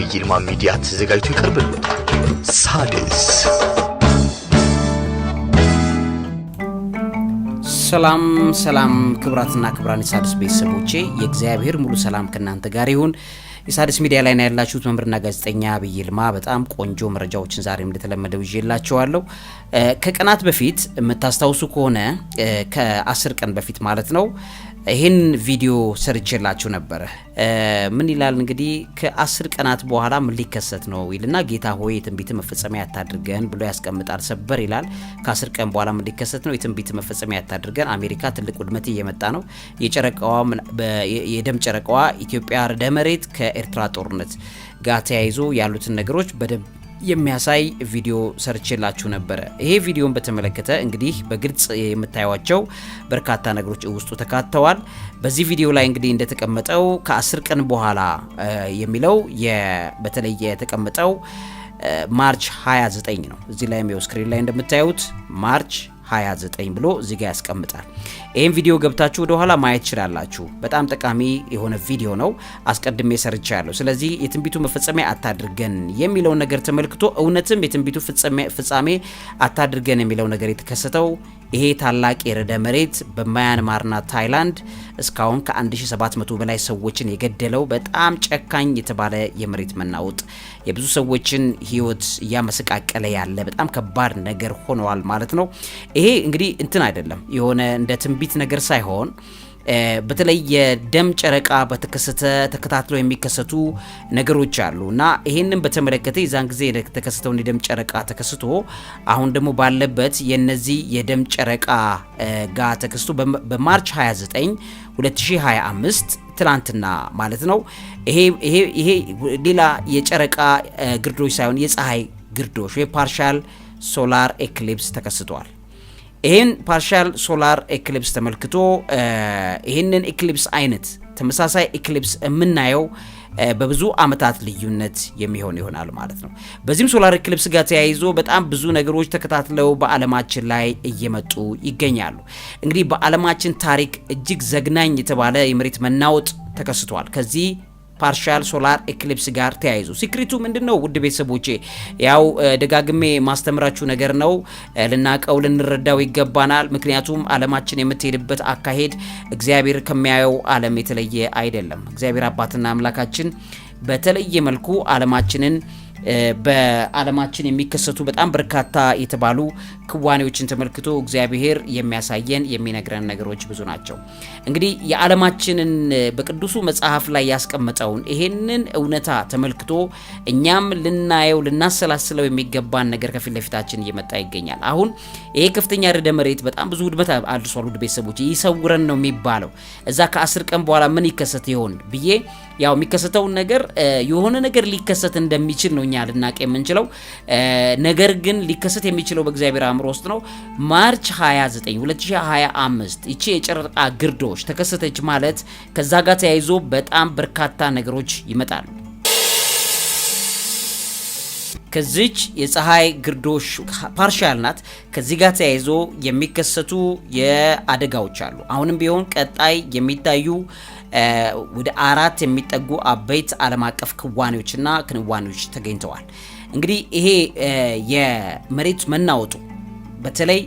በዐቢይ ይልማ ሚዲያ ተዘጋጅቶ ይቀርብልዎታል። ሣድስ ሰላም ሰላም፣ ክብራትና ክብራን የሣድስ ቤተሰቦቼ የእግዚአብሔር ሙሉ ሰላም ከእናንተ ጋር ይሁን። የሣድስ ሚዲያ ላይ ነው ያላችሁት። መምህርና ጋዜጠኛ ዐቢይ ይልማ በጣም ቆንጆ መረጃዎችን ዛሬም እንደተለመደው ይዤላችኋለሁ። ከቀናት በፊት የምታስታውሱ ከሆነ ከአስር ቀን በፊት ማለት ነው ይህን ቪዲዮ ሰርቼላችሁ ነበረ። ምን ይላል እንግዲህ ከአስር ቀናት በኋላ ምን ሊከሰት ነው ይልና ጌታ ሆይ የትንቢት መፈጸሚያ ያታድርገን ብሎ ያስቀምጣል። ሰበር ይላል። ከአስር ቀን በኋላ ምን ሊከሰት ነው? የትንቢት መፈጸሚያ ያታድርገን። አሜሪካ ትልቅ ውድመት እየመጣ ነው። የደም ጨረቃዋ ኢትዮጵያ ርዕደ መሬት ከኤርትራ ጦርነት ጋር ተያይዞ ያሉትን ነገሮች በደንብ የሚያሳይ ቪዲዮ ሰርችላችሁ ነበረ። ይሄ ቪዲዮን በተመለከተ እንግዲህ በግልጽ የምታዩቸው በርካታ ነገሮች ውስጡ ተካተዋል። በዚህ ቪዲዮ ላይ እንግዲህ እንደተቀመጠው ከአስር ቀን በኋላ የሚለው በተለየ የተቀመጠው ማርች 29 ነው። እዚህ ላይ ስክሪን ላይ እንደምታዩት ማርች 29 ብሎ እዚህ ያስቀምጣል። ይህም ቪዲዮ ገብታችሁ ወደኋላ ማየት ትችላላችሁ። በጣም ጠቃሚ የሆነ ቪዲዮ ነው፣ አስቀድሜ ሰርቻ ያለው። ስለዚህ የትንቢቱ መፈጸሚያ አታድርገን የሚለውን ነገር ተመልክቶ እውነትም የትንቢቱ ፍጻሜ አታድርገን የሚለው ነገር የተከሰተው ይሄ ታላቅ የርዕደ መሬት በማያንማርና ታይላንድ እስካሁን ከ1700 በላይ ሰዎችን የገደለው በጣም ጨካኝ የተባለ የመሬት መናወጥ የብዙ ሰዎችን ሕይወት እያመሰቃቀለ ያለ በጣም ከባድ ነገር ሆነዋል ማለት ነው። ይሄ እንግዲህ እንትን አይደለም የሆነ እንደ ትንቢት ነገር ሳይሆን በተለይ የደም ጨረቃ በተከሰተ ተከታትሎ የሚከሰቱ ነገሮች አሉ እና ይህንን በተመለከተ የዛን ጊዜ የተከሰተውን የደም ጨረቃ ተከስቶ አሁን ደግሞ ባለበት የነዚህ የደም ጨረቃ ጋር ተከስቶ በማርች 29 2025 ትላንትና ማለት ነው። ይሄ ሌላ የጨረቃ ግርዶች ሳይሆን የፀሐይ ግርዶች ወይ ፓርሻል ሶላር ኤክሊፕስ ተከስቷል። ይህን ፓርሻል ሶላር ኤክሊፕስ ተመልክቶ ይህንን ኤክሊፕስ አይነት ተመሳሳይ ኤክሊፕስ የምናየው በብዙ ዓመታት ልዩነት የሚሆን ይሆናል ማለት ነው። በዚህም ሶላር ኤክሊፕስ ጋር ተያይዞ በጣም ብዙ ነገሮች ተከታትለው በዓለማችን ላይ እየመጡ ይገኛሉ። እንግዲህ በዓለማችን ታሪክ እጅግ ዘግናኝ የተባለ የመሬት መናወጥ ተከስቷል። ከዚህ ፓርሻል ሶላር ኤክሊፕስ ጋር ተያይዞ ሲክሪቱ ምንድን ነው? ውድ ቤተሰቦቼ ያው ደጋግሜ ማስተምራችሁ ነገር ነው። ልናቀው ልንረዳው ይገባናል። ምክንያቱም ዓለማችን የምትሄድበት አካሄድ እግዚአብሔር ከሚያየው ዓለም የተለየ አይደለም። እግዚአብሔር አባትና አምላካችን በተለየ መልኩ ዓለማችንን በዓለማችን የሚከሰቱ በጣም በርካታ የተባሉ ክዋኔዎችን ተመልክቶ እግዚአብሔር የሚያሳየን የሚነግረን ነገሮች ብዙ ናቸው። እንግዲህ የዓለማችንን በቅዱሱ መጽሐፍ ላይ ያስቀመጠውን ይሄንን እውነታ ተመልክቶ እኛም ልናየው ልናሰላስለው የሚገባን ነገር ከፊት ለፊታችን እየመጣ ይገኛል። አሁን ይሄ ከፍተኛ ርዕደ መሬት በጣም ብዙ ውድመት አድርሷል። ውድ ቤተሰቦች ይሰውረን ነው የሚባለው። እዛ ከአስር ቀን በኋላ ምን ይከሰት ይሆን ብዬ ያው የሚከሰተውን ነገር የሆነ ነገር ሊከሰት እንደሚችል ነው እኛ ልናቅ የምንችለው። ነገር ግን ሊከሰት የሚችለው በእግዚአብሔር አእምሮ ውስጥ ነው። ማርች 29 2025 ይቺ የጨረቃ ግርዶሽ ተከሰተች ማለት ከዛ ጋር ተያይዞ በጣም በርካታ ነገሮች ይመጣሉ። ከዚች የፀሐይ ግርዶሽ ፓርሻል ናት። ከዚህ ጋር ተያይዞ የሚከሰቱ የአደጋዎች አሉ። አሁንም ቢሆን ቀጣይ የሚታዩ ወደ አራት የሚጠጉ አበይት ዓለም አቀፍ ክዋኔዎችና ክንዋኔዎች ተገኝተዋል። እንግዲህ ይሄ የመሬት መናወጡ በተለይ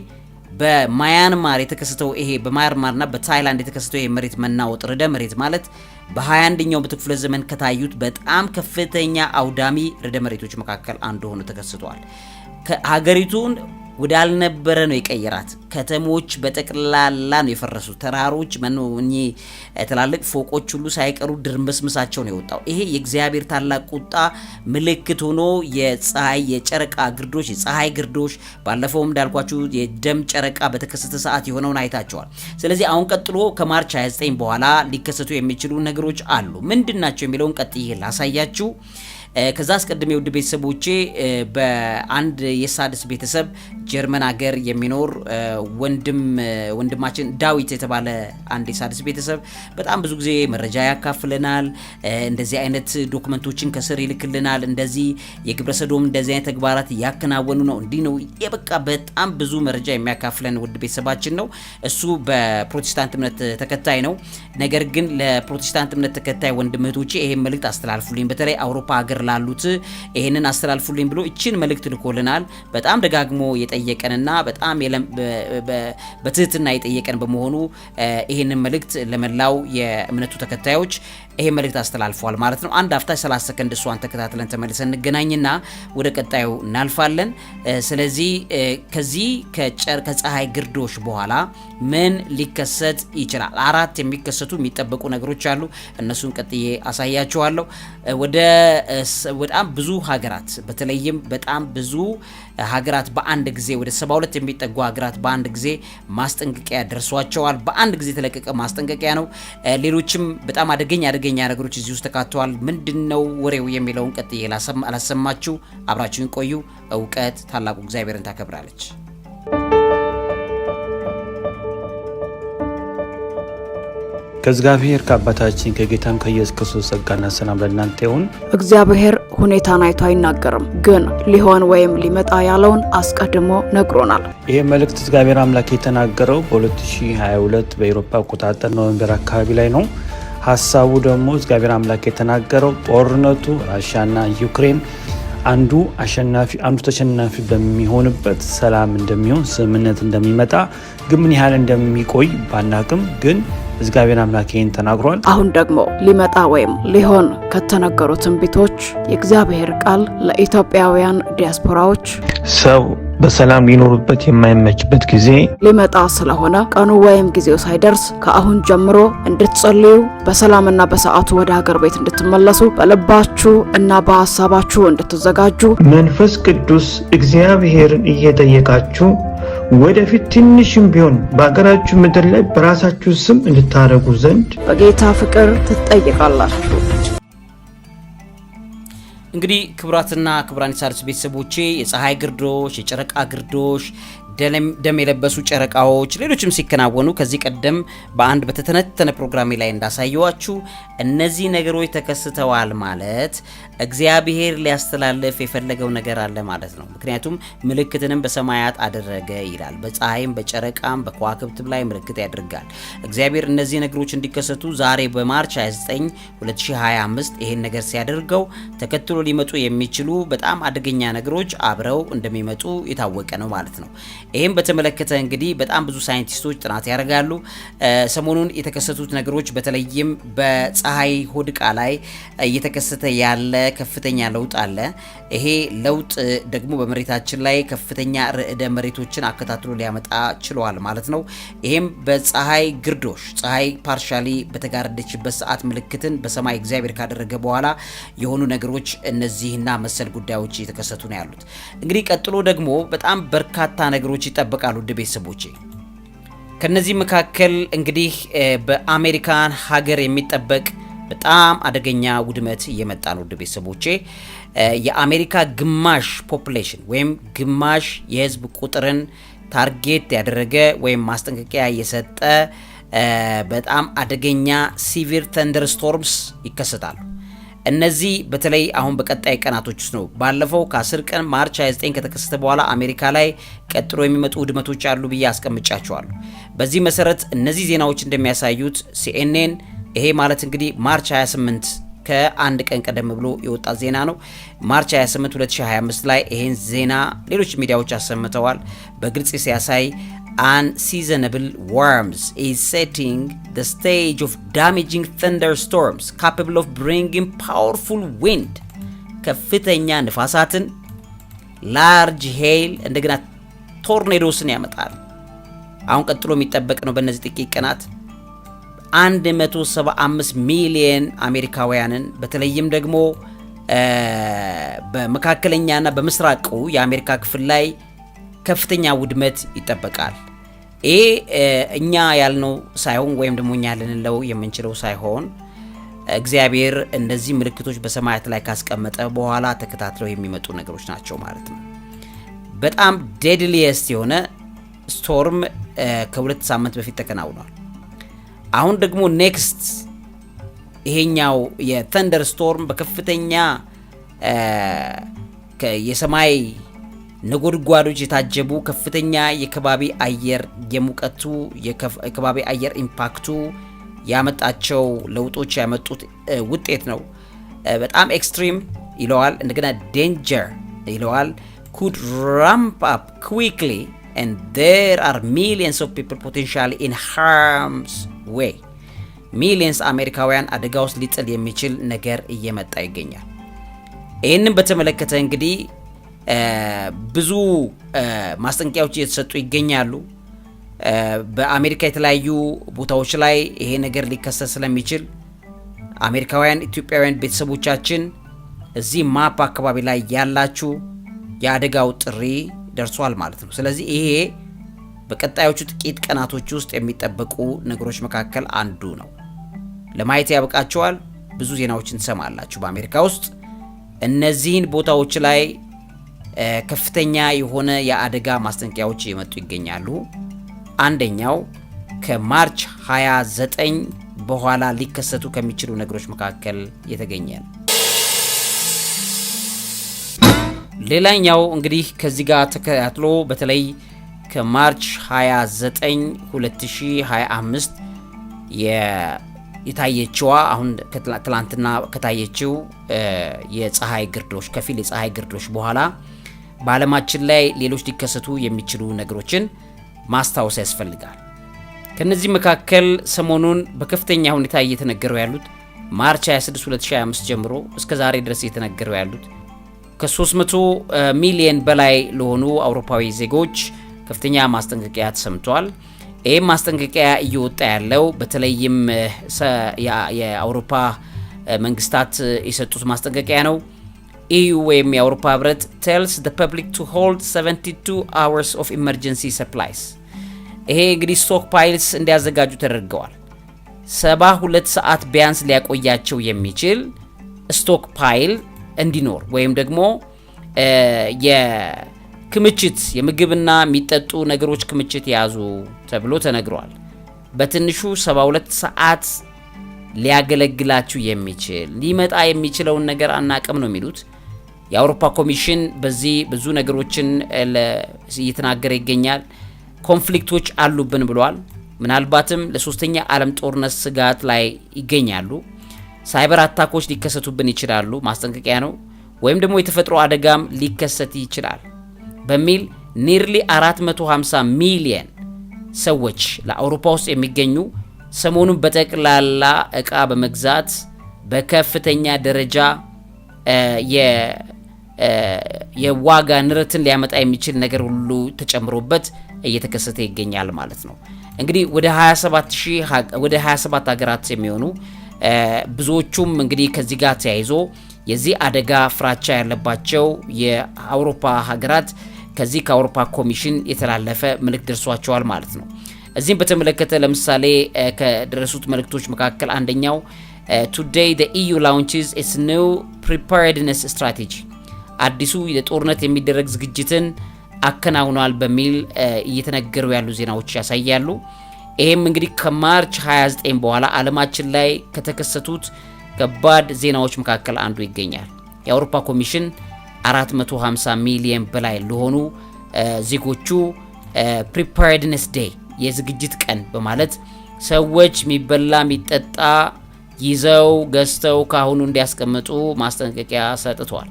በማያንማር የተከሰተው ይሄ በማያንማርና በታይላንድ የተከሰተው ይሄ መሬት መናወጥ ርደ መሬት ማለት በ21ኛው መቶ ክፍለ ዘመን ከታዩት በጣም ከፍተኛ አውዳሚ ርደ መሬቶች መካከል አንዱ ሆኖ ተከስቷል። ከሀገሪቱን ወዳልነበረ ነው የቀየራት። ከተሞች በጠቅላላ ነው የፈረሱ። ተራሮች ትላልቅ ፎቆች ሁሉ ሳይቀሩ ድርምስምሳቸው ነው የወጣው። ይሄ የእግዚአብሔር ታላቅ ቁጣ ምልክት ሆኖ የፀሐይ የጨረቃ ግርዶሽ፣ የፀሐይ ግርዶሽ ባለፈውም እንዳልኳችሁ የደም ጨረቃ በተከሰተ ሰዓት የሆነውን አይታቸዋል። ስለዚህ አሁን ቀጥሎ ከማርች 29 በኋላ ሊከሰቱ የሚችሉ ነገሮች አሉ። ምንድን ናቸው የሚለውን ቀጥዬ ላሳያችሁ። ከዛ አስቀድሜ ውድ ቤተሰቦቼ በአንድ የሳድስ ቤተሰብ ጀርመን ሀገር የሚኖር ወንድም ወንድማችን ዳዊት የተባለ አንድ የሳድስ ቤተሰብ በጣም ብዙ ጊዜ መረጃ ያካፍለናል። እንደዚህ አይነት ዶክመንቶችን ከስር ይልክልናል። እንደዚህ የግብረ ሰዶም እንደዚህ አይነት ተግባራት እያከናወኑ ነው፣ እንዲህ ነው፣ የበቃ በጣም ብዙ መረጃ የሚያካፍለን ውድ ቤተሰባችን ነው። እሱ በፕሮቴስታንት እምነት ተከታይ ነው። ነገር ግን ለፕሮቴስታንት እምነት ተከታይ ወንድም እህቶቼ ይሄን መልእክት አስተላልፉልኝ በተለይ አውሮፓ ሀገር ላሉት ይህንን አስተላልፉልኝ ብሎ እችን መልእክት ልኮልናል። በጣም ደጋግሞ የጠየቀንና በጣም በትህትና የጠየቀን በመሆኑ ይህንን መልእክት ለመላው የእምነቱ ተከታዮች ይሄ መልእክት አስተላልፏል ማለት ነው። አንድ አፍታ 30 ሰከንድ እሷን ተከታትለን ተመልሰን እንገናኝና ወደ ቀጣዩ እናልፋለን። ስለዚህ ከዚህ ከፀሐይ ግርዶሽ በኋላ ምን ሊከሰት ይችላል? አራት የሚከሰቱ የሚጠበቁ ነገሮች አሉ። እነሱን ቀጥዬ አሳያችኋለሁ። ወደ በጣም ብዙ ሀገራት በተለይም በጣም ብዙ ሀገራት በአንድ ጊዜ ወደ 72 የሚጠጉ ሀገራት በአንድ ጊዜ ማስጠንቀቂያ ደርሷቸዋል። በአንድ ጊዜ የተለቀቀ ማስጠንቀቂያ ነው። ሌሎችም በጣም አደገኛ አደገኛ ነገሮች እዚህ ውስጥ ተካተዋል። ምንድነው ወሬው የሚለውን ቀጥዬ አላሰማችሁ፣ አብራችሁን ቆዩ። እውቀት ታላቁ እግዚአብሔርን ታከብራለች። ከእግዚአብሔር ከአባታችን ከጌታም ከኢየሱስ ክርስቶስ ጸጋና ሰላም ለእናንተ ይሁን። እግዚአብሔር ሁኔታን አይቶ አይናገርም፣ ግን ሊሆን ወይም ሊመጣ ያለውን አስቀድሞ ነግሮናል። ይህ መልእክት እግዚአብሔር አምላክ የተናገረው በ2022 በኤሮፓ አቆጣጠር ኖቬምበር አካባቢ ላይ ነው። ሀሳቡ ደግሞ እግዚአብሔር አምላክ የተናገረው ጦርነቱ ራሽያና ዩክሬን አንዱ አሸናፊ አንዱ ተሸናፊ በሚሆንበት ሰላም እንደሚሆን ስምምነት እንደሚመጣ ግን ምን ያህል እንደሚቆይ ባናቅም ግን እግዚአብሔር አምላክ ተናግሯል። አሁን ደግሞ ሊመጣ ወይም ሊሆን ከተነገሩ ትንቢቶች የእግዚአብሔር ቃል ለኢትዮጵያውያን ዲያስፖራዎች ሰው በሰላም ሊኖሩበት የማይመችበት ጊዜ ሊመጣ ስለሆነ ቀኑ ወይም ጊዜው ሳይደርስ ከአሁን ጀምሮ እንድትጸልዩ በሰላምና በሰዓቱ ወደ ሀገር ቤት እንድትመለሱ በልባችሁ እና በሀሳባችሁ እንድትዘጋጁ መንፈስ ቅዱስ እግዚአብሔርን እየጠየቃችሁ ወደፊት ትንሽም ቢሆን በሀገራችሁ ምድር ላይ በራሳችሁ ስም እንድታደርጉ ዘንድ በጌታ ፍቅር ትጠይቃላችሁ። እንግዲህ ክቡራትና ክቡራን የሣድስ ቤተሰቦቼ የፀሐይ ግርዶሽ፣ የጨረቃ ግርዶሽ፣ ደም የለበሱ ጨረቃዎች፣ ሌሎችም ሲከናወኑ ከዚህ ቀደም በአንድ በተተነተነ ፕሮግራሜ ላይ እንዳሳየዋችሁ እነዚህ ነገሮች ተከስተዋል ማለት እግዚአብሔር ሊያስተላልፍ የፈለገው ነገር አለ ማለት ነው። ምክንያቱም ምልክትንም በሰማያት አደረገ ይላል። በፀሐይም በጨረቃም በከዋክብትም ላይ ምልክት ያደርጋል። እግዚአብሔር እነዚህ ነገሮች እንዲከሰቱ ዛሬ በማርች 29 2025 ይህን ነገር ሲያደርገው ተከትሎ ሊመጡ የሚችሉ በጣም አደገኛ ነገሮች አብረው እንደሚመጡ የታወቀ ነው ማለት ነው። ይህም በተመለከተ እንግዲህ በጣም ብዙ ሳይንቲስቶች ጥናት ያደርጋሉ። ሰሞኑን የተከሰቱት ነገሮች በተለይም በፀሐይ ሆድቃ ላይ እየተከሰተ ያለ ከፍተኛ ለውጥ አለ። ይሄ ለውጥ ደግሞ በመሬታችን ላይ ከፍተኛ ርዕደ መሬቶችን አከታትሎ ሊያመጣ ችሏል ማለት ነው። ይሄም በፀሐይ ግርዶሽ ፀሐይ ፓርሻሊ በተጋረደችበት ሰዓት ምልክትን በሰማይ እግዚአብሔር ካደረገ በኋላ የሆኑ ነገሮች እነዚህና መሰል ጉዳዮች እየተከሰቱ ነው ያሉት። እንግዲህ ቀጥሎ ደግሞ በጣም በርካታ ነገሮች ይጠበቃሉ ውድ ቤተሰቦቼ። ከነዚህ መካከል እንግዲህ በአሜሪካን ሀገር የሚጠበቅ በጣም አደገኛ ውድመት እየመጣ ነው። ውድ ቤተሰቦቼ የአሜሪካ ግማሽ ፖፕሌሽን ወይም ግማሽ የህዝብ ቁጥርን ታርጌት ያደረገ ወይም ማስጠንቀቂያ የሰጠ በጣም አደገኛ ሲቪር ስቶርምስ ይከሰታሉ። እነዚህ በተለይ አሁን በቀጣይ ቀናቶች ውስጥ ነው። ባለፈው ከ10 ቀን ማርች 29 ከተከሰተ በኋላ አሜሪካ ላይ ቀጥሎ የሚመጡ ውድመቶች አሉ ብዬ አስቀምጫቸዋለሁ። በዚህ መሰረት እነዚህ ዜናዎች እንደሚያሳዩት ሲኤንኤን ይሄ ማለት እንግዲህ ማርች 28 ከአንድ ቀን ቀደም ብሎ የወጣ ዜና ነው። ማርች 28 2025 ላይ ይሄን ዜና ሌሎች ሚዲያዎች አሰምተዋል። በግልጽ ሲያሳይ አንሲዘነብል ዋርምስ ኢዝ ሴቲንግ ዘ ስቴጅ ኦፍ ዳሜጂንግ ስቶርምስ ካፓብል ኦፍ ብሪንግን ፓወርፉል ዊንድ ከፍተኛ ንፋሳትን ላርጅ ሄይል እንደገና ቶርኔዶስን ያመጣል። አሁን ቀጥሎ የሚጠበቅ ነው በእነዚህ ጥቂት ቀናት 175 ሚሊየን አሜሪካውያንን በተለይም ደግሞ በመካከለኛና በምስራቁ የአሜሪካ ክፍል ላይ ከፍተኛ ውድመት ይጠበቃል። ይሄ እኛ ያልነው ሳይሆን ወይም ደግሞ እኛ ልንለው የምንችለው ሳይሆን እግዚአብሔር እነዚህ ምልክቶች በሰማያት ላይ ካስቀመጠ በኋላ ተከታትለው የሚመጡ ነገሮች ናቸው ማለት ነው። በጣም ዴድሊየስት የሆነ ስቶርም ከሁለት ሳምንት በፊት ተከናውኗል። አሁን ደግሞ ኔክስት ይሄኛው የተንደር ስቶርም በከፍተኛ የሰማይ ነጎድጓዶች የታጀቡ ከፍተኛ የከባቢ አየር የሙቀቱ የከባቢ አየር ኢምፓክቱ ያመጣቸው ለውጦች ያመጡት ውጤት ነው። በጣም ኤክስትሪም ይለዋል፣ እንደገና ዴንጀር ይለዋል። ኩድ ራምፕ አፕ ኩዊክሊ ን ር አር ሚሊየንስ ኦፍ ፒፕል ፖቴንሻሊ ኢን ሃርምስ ወይ ሚሊየንስ አሜሪካውያን አደጋ ውስጥ ሊጥል የሚችል ነገር እየመጣ ይገኛል። ይህንም በተመለከተ እንግዲህ ብዙ ማስጠንቀቂያዎች እየተሰጡ ይገኛሉ። በአሜሪካ የተለያዩ ቦታዎች ላይ ይሄ ነገር ሊከሰት ስለሚችል አሜሪካውያን፣ ኢትዮጵያውያን ቤተሰቦቻችን እዚህ ማፕ አካባቢ ላይ ያላችሁ የአደጋው ጥሪ ደርሷል ማለት ነው። ስለዚህ ይሄ በቀጣዮቹ ጥቂት ቀናቶች ውስጥ የሚጠበቁ ነገሮች መካከል አንዱ ነው። ለማየት ያበቃቸዋል ብዙ ዜናዎችን ትሰማላችሁ በአሜሪካ ውስጥ እነዚህን ቦታዎች ላይ ከፍተኛ የሆነ የአደጋ ማስጠንቀቂያዎች እየመጡ ይገኛሉ። አንደኛው ከማርች 29 በኋላ ሊከሰቱ ከሚችሉ ነገሮች መካከል የተገኘ ነው። ሌላኛው እንግዲህ ከዚህ ጋር ተከታትሎ በተለይ ከማርች 29 2025 የታየችዋ አሁን ትላንትና ከታየችው የፀሐይ ግርዶች ከፊል የፀሐይ ግርዶች በኋላ በዓለማችን ላይ ሌሎች ሊከሰቱ የሚችሉ ነገሮችን ማስታወስ ያስፈልጋል። ከነዚህ መካከል ሰሞኑን በከፍተኛ ሁኔታ እየተነገረው ያሉት ማርች 26 2025 ጀምሮ እስከ ዛሬ ድረስ እየተነገረው ያሉት ከ300 ሚሊየን በላይ ለሆኑ አውሮፓዊ ዜጎች ከፍተኛ ማስጠንቀቂያ ተሰምቷል። ይህም ማስጠንቀቂያ እየወጣ ያለው በተለይም የአውሮፓ መንግስታት የሰጡት ማስጠንቀቂያ ነው። ኢዩ ወይም የአውሮፓ ህብረት ቴልስ ደ ፐብሊክ ቱ ሆልድ 72 አወርስ ኦፍ ኢመርጀንሲ ሰፕላይስ። ይሄ እንግዲህ ስቶክ ፓይልስ እንዲያዘጋጁ ተደርገዋል። 72 ሰዓት ቢያንስ ሊያቆያቸው የሚችል ስቶክ ፓይል እንዲኖር ወይም ደግሞ ክምችት የምግብና የሚጠጡ ነገሮች ክምችት የያዙ ተብሎ ተነግሯል። በትንሹ 72 ሰዓት ሊያገለግላችሁ የሚችል ሊመጣ የሚችለውን ነገር አናቅም ነው የሚሉት። የአውሮፓ ኮሚሽን በዚህ ብዙ ነገሮችን እየተናገረ ይገኛል። ኮንፍሊክቶች አሉብን ብሏል። ምናልባትም ለሶስተኛ ዓለም ጦርነት ስጋት ላይ ይገኛሉ። ሳይበር አታኮች ሊከሰቱብን ይችላሉ፣ ማስጠንቀቂያ ነው። ወይም ደግሞ የተፈጥሮ አደጋም ሊከሰት ይችላል። በሚል ኒርሊ 450 ሚሊየን ሰዎች ለአውሮፓ ውስጥ የሚገኙ ሰሞኑን በጠቅላላ እቃ በመግዛት በከፍተኛ ደረጃ የዋጋ ንረትን ሊያመጣ የሚችል ነገር ሁሉ ተጨምሮበት እየተከሰተ ይገኛል ማለት ነው። እንግዲህ ወደ 27 ወደ 27 ሀገራት የሚሆኑ ብዙዎቹም እንግዲህ ከዚህ ጋር ተያይዞ የዚህ አደጋ ፍራቻ ያለባቸው የአውሮፓ ሀገራት ከዚህ ከአውሮፓ ኮሚሽን የተላለፈ መልእክት ደርሷቸዋል ማለት ነው። እዚህም በተመለከተ ለምሳሌ ከደረሱት መልእክቶች መካከል አንደኛው ቱዴይ ዘ ኢዩ ላውንችስ ኢትስ ኒው ፕሪፓርድነስ ስትራቴጂ አዲሱ ለጦርነት የሚደረግ ዝግጅትን አከናውኗል በሚል እየተነገሩ ያሉ ዜናዎች ያሳያሉ። ይህም እንግዲህ ከማርች 29 በኋላ ዓለማችን ላይ ከተከሰቱት ከባድ ዜናዎች መካከል አንዱ ይገኛል። የአውሮፓ ኮሚሽን 450 ሚሊየን በላይ ለሆኑ ዜጎቹ ፕሪፓርድነስ ዴይ የዝግጅት ቀን በማለት ሰዎች የሚበላ የሚጠጣ ይዘው ገዝተው ካሁኑ እንዲያስቀምጡ ማስጠንቀቂያ ሰጥተዋል።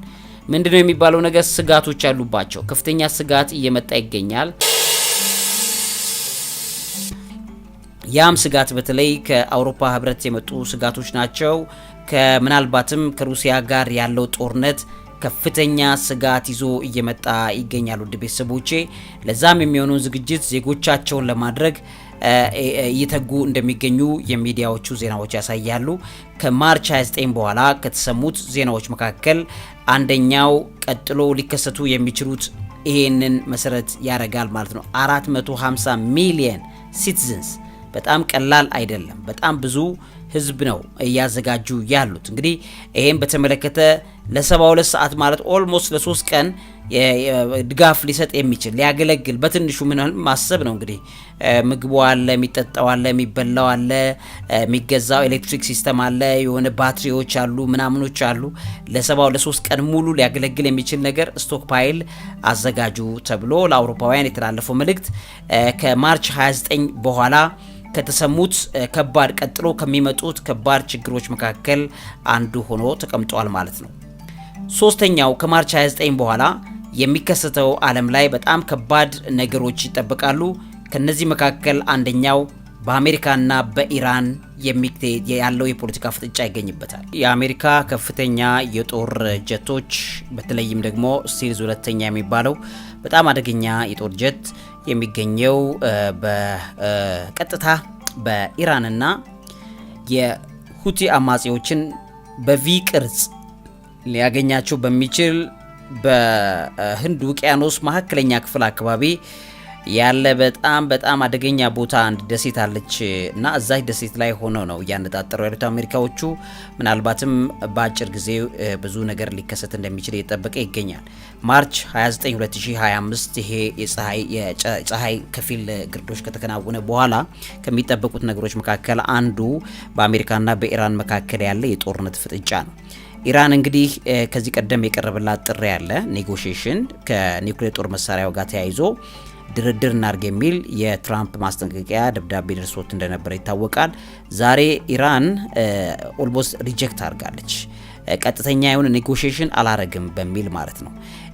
ምንድነው የሚባለው ነገር? ስጋቶች ያሉባቸው ከፍተኛ ስጋት እየመጣ ይገኛል። ያም ስጋት በተለይ ከአውሮፓ ህብረት የመጡ ስጋቶች ናቸው። ከምናልባትም ከሩሲያ ጋር ያለው ጦርነት ከፍተኛ ስጋት ይዞ እየመጣ ይገኛል። ውድ ቤተሰቦቼ ለዛም የሚሆነው ዝግጅት ዜጎቻቸውን ለማድረግ እየተጉ እንደሚገኙ የሚዲያዎቹ ዜናዎች ያሳያሉ። ከማርች 29 በኋላ ከተሰሙት ዜናዎች መካከል አንደኛው ቀጥሎ ሊከሰቱ የሚችሉት ይሄንን መሰረት ያደርጋል ማለት ነው። 450 ሚሊየን ሲቲዝንስ በጣም ቀላል አይደለም። በጣም ብዙ ህዝብ ነው እያዘጋጁ ያሉት። እንግዲህ ይህም በተመለከተ ለ72 ሰዓት ማለት ኦልሞስት ለሶስት ቀን ድጋፍ ሊሰጥ የሚችል ሊያገለግል በትንሹ ምን ማሰብ ነው እንግዲህ ምግቡ አለ፣ የሚጠጣው አለ፣ የሚበላው አለ፣ የሚገዛው ኤሌክትሪክ ሲስተም አለ፣ የሆነ ባትሪዎች አሉ፣ ምናምኖች አሉ። ለሰባው ለሶስት ቀን ሙሉ ሊያገለግል የሚችል ነገር ስቶክ ፓይል አዘጋጁ ተብሎ ለአውሮፓውያን የተላለፈው መልእክት ከማርች 29 በኋላ ከተሰሙት ከባድ ቀጥሎ ከሚመጡት ከባድ ችግሮች መካከል አንዱ ሆኖ ተቀምጧል ማለት ነው። ሶስተኛው ከማርች 29 በኋላ የሚከሰተው ዓለም ላይ በጣም ከባድ ነገሮች ይጠበቃሉ። ከነዚህ መካከል አንደኛው በአሜሪካና በኢራን ያለው የፖለቲካ ፍጥጫ ይገኝበታል። የአሜሪካ ከፍተኛ የጦር ጀቶች በተለይም ደግሞ ስቲልዝ ሁለተኛ የሚባለው በጣም አደገኛ የጦር ጀት የሚገኘው በቀጥታ በኢራንና የሁቲ አማጺዎችን በቪ ቅርጽ ሊያገኛቸው በሚችል በህንድ ውቅያኖስ መካከለኛ ክፍል አካባቢ ያለ በጣም በጣም አደገኛ ቦታ አንድ ደሴት አለች እና እዛች ደሴት ላይ ሆኖ ነው እያነጣጠሩ ያሉት አሜሪካዎቹ። ምናልባትም በአጭር ጊዜ ብዙ ነገር ሊከሰት እንደሚችል እየጠበቀ ይገኛል። ማርች 292025 ይሄ የፀሐይ ከፊል ግርዶች ከተከናወነ በኋላ ከሚጠበቁት ነገሮች መካከል አንዱ በአሜሪካና በኢራን መካከል ያለ የጦርነት ፍጥጫ ነው። ኢራን እንግዲህ ከዚህ ቀደም የቀረበላት ጥሪ ያለ ኔጎሽሽን ከኒውክሌር ጦር መሳሪያው ጋር ተያይዞ ድርድር እናርግ የሚል የትራምፕ ማስጠንቀቂያ ደብዳቤ ደርሶት እንደነበረ ይታወቃል። ዛሬ ኢራን ኦልሞስት uh, ሪጀክት አድርጋለች። uh, ቀጥተኛ የሆነ ኔጎሽሽን አላረግም በሚል ማለት ነው።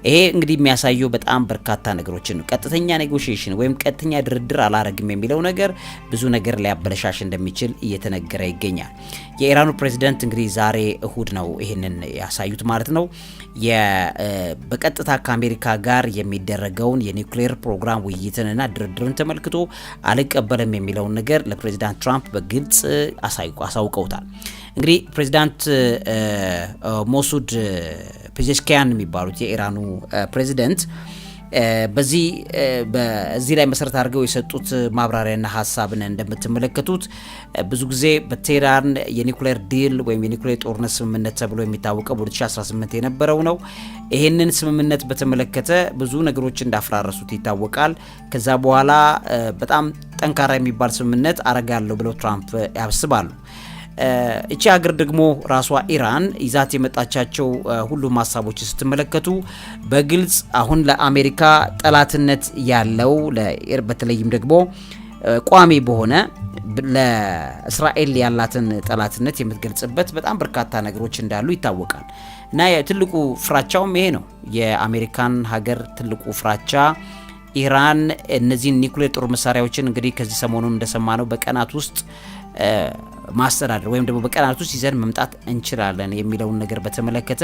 ይሄ እንግዲህ የሚያሳየው በጣም በርካታ ነገሮችን ነው። ቀጥተኛ ኔጎሽሽን ወይም ቀጥተኛ ድርድር አላረግም የሚለው ነገር ብዙ ነገር ሊያበለሻሽ እንደሚችል እየተነገረ ይገኛል። የኢራኑ ፕሬዚደንት እንግዲህ ዛሬ እሁድ ነው ይህንን ያሳዩት ማለት ነው። በቀጥታ ከአሜሪካ ጋር የሚደረገውን የኒውክሌር ፕሮግራም ውይይትንና ድርድርን ተመልክቶ አልቀበልም የሚለውን ነገር ለፕሬዚዳንት ትራምፕ በግልጽ አሳውቀውታል። እንግዲህ ፕሬዚዳንት ሞሱድ ፔዜሽኪያን የሚባሉት የኢራኑ ፕሬዚደንት በዚህ በዚህ ላይ መሰረት አድርገው የሰጡት ማብራሪያና ሀሳብን እንደምትመለከቱት ብዙ ጊዜ በቴህራን የኒኩሌር ዲል ወይም የኒኩሌር ጦርነት ስምምነት ተብሎ የሚታወቀው በ2018 የነበረው ነው። ይህንን ስምምነት በተመለከተ ብዙ ነገሮች እንዳፈራረሱት ይታወቃል። ከዛ በኋላ በጣም ጠንካራ የሚባል ስምምነት አረጋለሁ ብለው ትራምፕ ያስባሉ። እቺ ሀገር ደግሞ ራሷ ኢራን ይዛት የመጣቻቸው ሁሉም ሀሳቦች ስትመለከቱ በግልጽ አሁን ለአሜሪካ ጠላትነት ያለው በተለይም ደግሞ ቋሚ በሆነ ለእስራኤል ያላትን ጠላትነት የምትገልጽበት በጣም በርካታ ነገሮች እንዳሉ ይታወቃል። እና ትልቁ ፍራቻውም ይሄ ነው። የአሜሪካን ሀገር ትልቁ ፍራቻ ኢራን እነዚህን ኒውክሌር ጦር መሳሪያዎችን እንግዲህ ከዚህ ሰሞኑን ነው በቀናት ውስጥ ማስተዳደር ወይም ደግሞ በቀናት ውስጥ ይዘን መምጣት እንችላለን የሚለውን ነገር በተመለከተ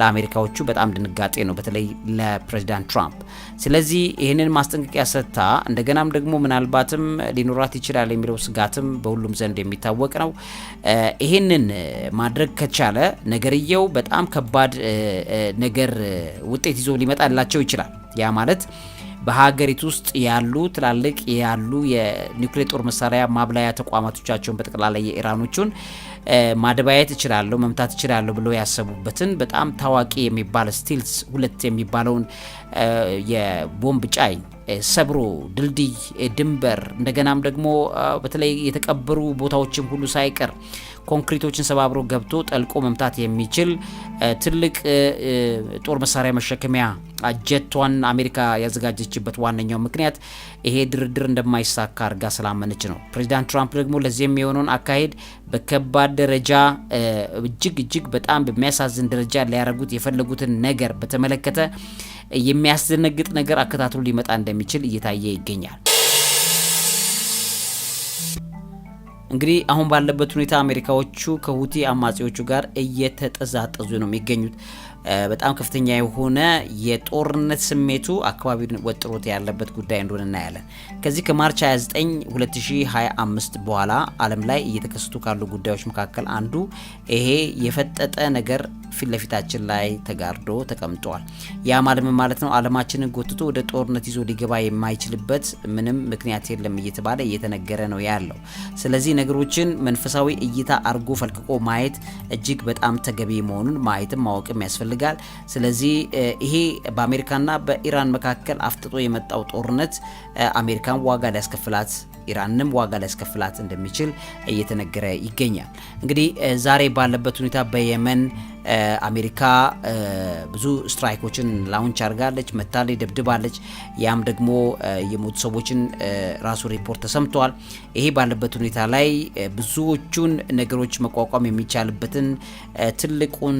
ለአሜሪካዎቹ በጣም ድንጋጤ ነው፣ በተለይ ለፕሬዚዳንት ትራምፕ። ስለዚህ ይህንን ማስጠንቀቂያ ሰጥታ እንደገናም ደግሞ ምናልባትም ሊኖራት ይችላል የሚለው ስጋትም በሁሉም ዘንድ የሚታወቅ ነው። ይህንን ማድረግ ከቻለ ነገርየው በጣም ከባድ ነገር ውጤት ይዞ ሊመጣላቸው ይችላል። ያ ማለት በሀገሪቱ ውስጥ ያሉ ትላልቅ ያሉ የኒውክሌር ጦር መሳሪያ ማብላያ ተቋማቶቻቸውን በጠቅላላይ የኢራኖቹን ማደባየት እችላለሁ መምታት እችላለሁ ብለው ያሰቡበትን በጣም ታዋቂ የሚባል ስቲልስ ሁለት የሚባለውን የቦምብ ጫይ ሰብሮ ድልድይ፣ ድንበር እንደገናም ደግሞ በተለይ የተቀበሩ ቦታዎችም ሁሉ ሳይቀር ኮንክሪቶችን ሰባብሮ ገብቶ ጠልቆ መምታት የሚችል ትልቅ ጦር መሳሪያ መሸከሚያ ጀቷን አሜሪካ ያዘጋጀችበት ዋነኛው ምክንያት ይሄ ድርድር እንደማይሳካ አድርጋ ስላመነች ነው። ፕሬዚዳንት ትራምፕ ደግሞ ለዚህ የሚሆነውን አካሄድ በከባድ ደረጃ እጅግ እጅግ በጣም በሚያሳዝን ደረጃ ሊያደርጉት የፈለጉትን ነገር በተመለከተ የሚያስደነግጥ ነገር አከታትሎ ሊመጣ እንደሚችል እየታየ ይገኛል። እንግዲህ አሁን ባለበት ሁኔታ አሜሪካዎቹ ከሁቲ አማጺዎቹ ጋር እየተጠዛጠዙ ነው የሚገኙት። በጣም ከፍተኛ የሆነ የጦርነት ስሜቱ አካባቢውን ወጥሮት ያለበት ጉዳይ እንደሆነ እናያለን። ከዚህ ከማርች 29 2025 በኋላ ዓለም ላይ እየተከሰቱ ካሉ ጉዳዮች መካከል አንዱ ይሄ የፈጠጠ ነገር ፊት ለፊታችን ላይ ተጋርዶ ተቀምጧል። ያ ማለት ማለት ነው ዓለማችንን ጎትቶ ወደ ጦርነት ይዞ ሊገባ የማይችልበት ምንም ምክንያት የለም እየተባለ እየተነገረ ነው ያለው። ስለዚህ ነገሮችን መንፈሳዊ እይታ አርጎ ፈልቅቆ ማየት እጅግ በጣም ተገቢ መሆኑን ማየትም ማወቅም ያስፈልጋል። ያስፈልጋል። ስለዚህ ይሄ በአሜሪካና በኢራን መካከል አፍጥጦ የመጣው ጦርነት አሜሪካን ዋጋ ሊያስከፍላት ኢራንም ዋጋ ሊያስከፍላት እንደሚችል እየተነገረ ይገኛል። እንግዲህ ዛሬ ባለበት ሁኔታ በየመን አሜሪካ ብዙ ስትራይኮችን ላውንች አድርጋለች፣ መታለች፣ ደብድባለች። ያም ደግሞ የሞቱ ሰዎችን ራሱ ሪፖርት ተሰምተዋል። ይሄ ባለበት ሁኔታ ላይ ብዙዎቹን ነገሮች መቋቋም የሚቻልበትን ትልቁን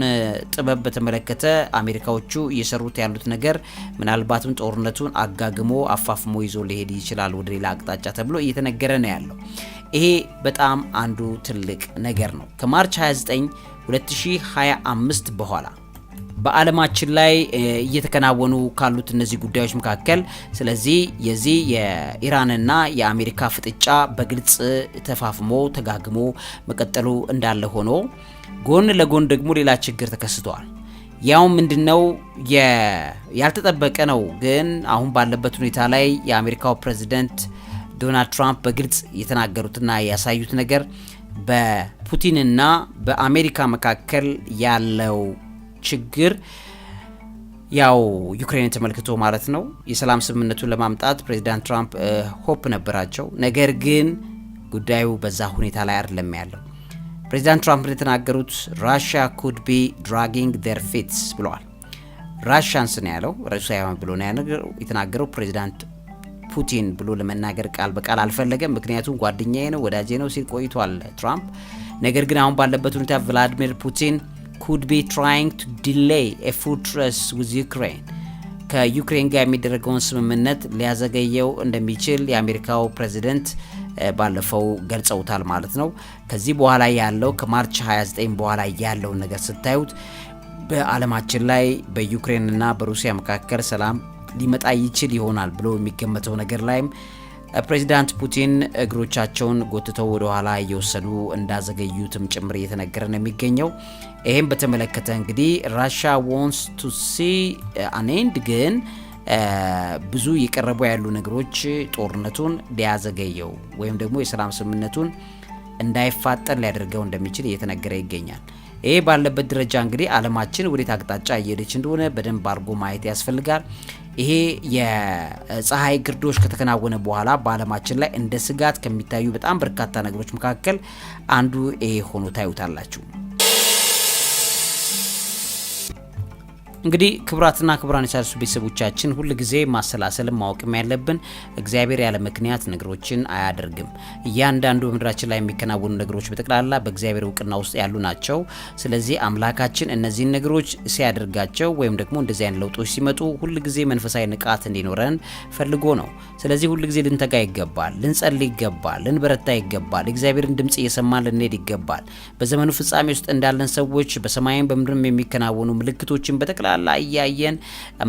ጥበብ በተመለከተ አሜሪካዎቹ እየሰሩት ያሉት ነገር ምናልባትም ጦርነቱን አጋግሞ አፋፍሞ ይዞ ሊሄድ ይችላል ወደ ሌላ አቅጣጫ ተብሎ እየተነገረ ነው ያለው። ይሄ በጣም አንዱ ትልቅ ነገር ነው። ከማርች 29 2025 በኋላ በዓለማችን ላይ እየተከናወኑ ካሉት እነዚህ ጉዳዮች መካከል ስለዚህ የዚህ የኢራንና የአሜሪካ ፍጥጫ በግልጽ ተፋፍሞ ተጋግሞ መቀጠሉ እንዳለ ሆኖ ጎን ለጎን ደግሞ ሌላ ችግር ተከስቷል። ያው ምንድነው ያልተጠበቀ ነው፣ ግን አሁን ባለበት ሁኔታ ላይ የአሜሪካው ፕሬዚደንት ዶናልድ ትራምፕ በግልጽ የተናገሩትና ያሳዩት ነገር በፑቲንና በአሜሪካ መካከል ያለው ችግር ያው ዩክሬንን ተመልክቶ ማለት ነው። የሰላም ስምምነቱን ለማምጣት ፕሬዚዳንት ትራምፕ ሆፕ ነበራቸው። ነገር ግን ጉዳዩ በዛ ሁኔታ ላይ አይደለም ያለው። ፕሬዚዳንት ትራምፕ እንደተናገሩት ራሽያ ኩድ ቢ ድራጊንግ ዴር ፊትስ ብለዋል። ራሽያንስ ነው ያለው፣ ሩሲያውያን ብሎ ነው የተናገረው ፕሬዚዳንት ፑቲን ብሎ ለመናገር ቃል በቃል አልፈለገም። ምክንያቱም ጓደኛዬ ነው ወዳጄ ነው ሲል ቆይቷል ትራምፕ። ነገር ግን አሁን ባለበት ሁኔታ ቭላዲሚር ፑቲን ኩድ ቢ ትራይንግ ቱ ዲሌይ ኤ ፉድ ዊዝ ዩክሬን ከዩክሬን ጋር የሚደረገውን ስምምነት ሊያዘገየው እንደሚችል የአሜሪካው ፕሬዚደንት ባለፈው ገልጸውታል ማለት ነው። ከዚህ በኋላ ያለው ከማርች 29 በኋላ ያለውን ነገር ስታዩት በዓለማችን ላይ በዩክሬንና በሩሲያ መካከል ሰላም ሊመጣ ይችል ይሆናል ብሎ የሚገመተው ነገር ላይም ፕሬዚዳንት ፑቲን እግሮቻቸውን ጎትተው ወደ ኋላ እየወሰዱ እንዳዘገዩትም ጭምር እየተነገረ ነው የሚገኘው። ይህም በተመለከተ እንግዲህ ራሻ ዎንስ ቱ ሲ አኔንድ ግን ብዙ እየቀረቡ ያሉ ነገሮች ጦርነቱን ሊያዘገየው ወይም ደግሞ የሰላም ስምምነቱን እንዳይፋጠን ሊያደርገው እንደሚችል እየተነገረ ይገኛል። ይሄ ባለበት ደረጃ እንግዲህ ዓለማችን ወዴት አቅጣጫ እየሄደች እንደሆነ በደንብ አድርጎ ማየት ያስፈልጋል። ይሄ የፀሐይ ግርዶች ከተከናወነ በኋላ በዓለማችን ላይ እንደ ስጋት ከሚታዩ በጣም በርካታ ነገሮች መካከል አንዱ ይሄ ሆኖ ታዩታላችሁ። እንግዲህ ክቡራትና ክቡራን የሣድሱ ቤተሰቦቻችን ሁል ጊዜ ማሰላሰልም ማወቅም ያለብን እግዚአብሔር ያለ ምክንያት ነገሮችን አያደርግም። እያንዳንዱ በምድራችን ላይ የሚከናወኑ ነገሮች በጠቅላላ በእግዚአብሔር እውቅና ውስጥ ያሉ ናቸው። ስለዚህ አምላካችን እነዚህን ነገሮች ሲያደርጋቸው ወይም ደግሞ እንደዚህ አይነት ለውጦች ሲመጡ ሁል ጊዜ መንፈሳዊ ንቃት እንዲኖረን ፈልጎ ነው። ስለዚህ ሁል ጊዜ ልንተጋ ይገባል፣ ልንጸልይ ይገባል፣ ልንበረታ ይገባል፣ እግዚአብሔርን ድምፅ እየሰማን ልንሄድ ይገባል። በዘመኑ ፍጻሜ ውስጥ እንዳለን ሰዎች በሰማይም በምድርም የሚከናወኑ ምልክቶችን በጠቅላላ በጠቅላላ እያየን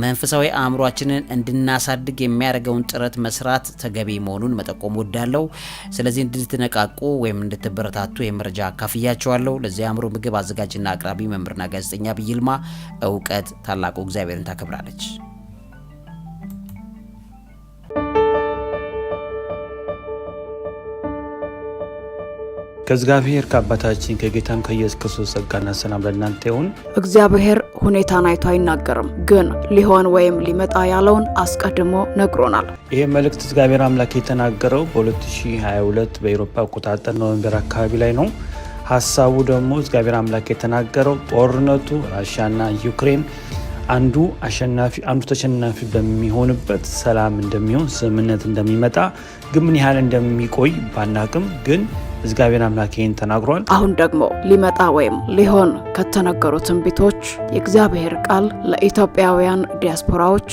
መንፈሳዊ አእምሯችንን እንድናሳድግ የሚያደርገውን ጥረት መስራት ተገቢ መሆኑን መጠቆም ወዳለው። ስለዚህ እንድትነቃቁ ወይም እንድትበረታቱ የመረጃ አካፍያቸዋለሁ። ለዚህ አእምሮ ምግብ አዘጋጅና አቅራቢ መምህርና ጋዜጠኛ ዐቢይ ይልማ። እውቀት ታላቁ እግዚአብሔርን ታከብራለች። ከእግዚአብሔር ከአባታችን ከጌታም ከኢየሱስ ክርስቶስ ጸጋና ሰላም ለእናንተ ይሁን። እግዚአብሔር ሁኔታን አይቶ አይናገርም፣ ግን ሊሆን ወይም ሊመጣ ያለውን አስቀድሞ ነግሮናል። ይህ መልእክት እግዚአብሔር አምላክ የተናገረው በ2022 በኤሮፓ አቆጣጠር ኖቬምበር አካባቢ ላይ ነው። ሀሳቡ ደግሞ እግዚአብሔር አምላክ የተናገረው ጦርነቱ ራሽያና ዩክሬን አንዱ አሸናፊ አንዱ ተሸናፊ በሚሆንበት ሰላም እንደሚሆን ስምምነት እንደሚመጣ ግን ምን ያህል እንደሚቆይ ባናቅም ግን እግዚአብሔር አምላክ ይህን ተናግሯል። አሁን ደግሞ ሊመጣ ወይም ሊሆን ከተነገሩ ትንቢቶች የእግዚአብሔር ቃል ለኢትዮጵያውያን ዲያስፖራዎች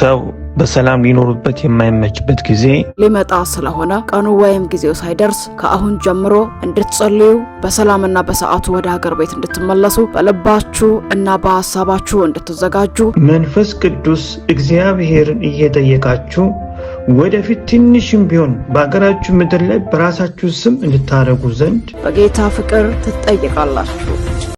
ሰው በሰላም ሊኖሩበት የማይመችበት ጊዜ ሊመጣ ስለሆነ ቀኑ ወይም ጊዜው ሳይደርስ ከአሁን ጀምሮ እንድትጸልዩ በሰላምና በሰዓቱ ወደ ሀገር ቤት እንድትመለሱ በልባችሁ እና በሀሳባችሁ እንድትዘጋጁ መንፈስ ቅዱስ እግዚአብሔርን እየጠየቃችሁ ወደፊት ትንሽም ቢሆን በሀገራችሁ ምድር ላይ በራሳችሁ ስም እንድታደርጉ ዘንድ በጌታ ፍቅር ትጠይቃላችሁ።